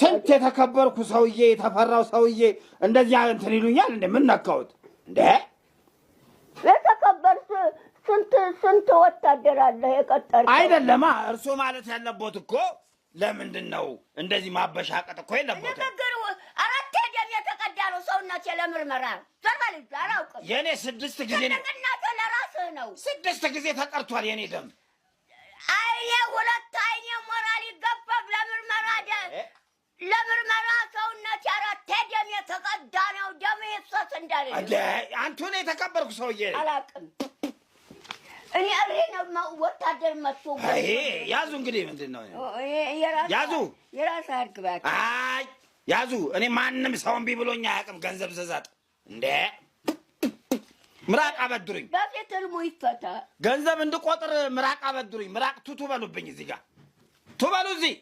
ስንት የተከበርኩ ሰውዬ የተፈራው ሰውዬ እንደዚያ እንትን ይሉኛል። እንደ ምን ነካሁት እንደ የተከበር ስንት ስንት ወታደር አለ የቀጠር አይደለማ። እርሱ ማለት ያለቦት እኮ ለምንድን ነው እንደዚህ ማበሻቀጥ እኮ የለቦት። ንግግር ለምርመራ ዘርበል አላውቅም። የእኔ ስድስት ጊዜ ነው ስድስት ጊዜ ተቀርቷል የእኔ ደም ለምርመራ ሰውነት ያረቴ ደም የተቀዳ ነው። ደም ይፍሰስ እንዳለ አንቱን የተቀበልኩ ሰውዬ አላውቅም። እኔ እሬ ነው ወታደር መጥቶ ያዙ። እንግዲህ ምንድን ነው ያዙ፣ የራስ አድግባት አይ ያዙ። እኔ ማንም ሰው እምቢ ብሎኝ አያውቅም። ገንዘብ ስሰጥ እንደ ምራቅ አበድሩኝ። በፊት ህልሙ ይፈታ። ገንዘብ እንድቆጥር ምራቅ አበድሩኝ። ምራቅ ቱቱ በሉብኝ፣ እዚህ ጋር ቱበሉ እዚህ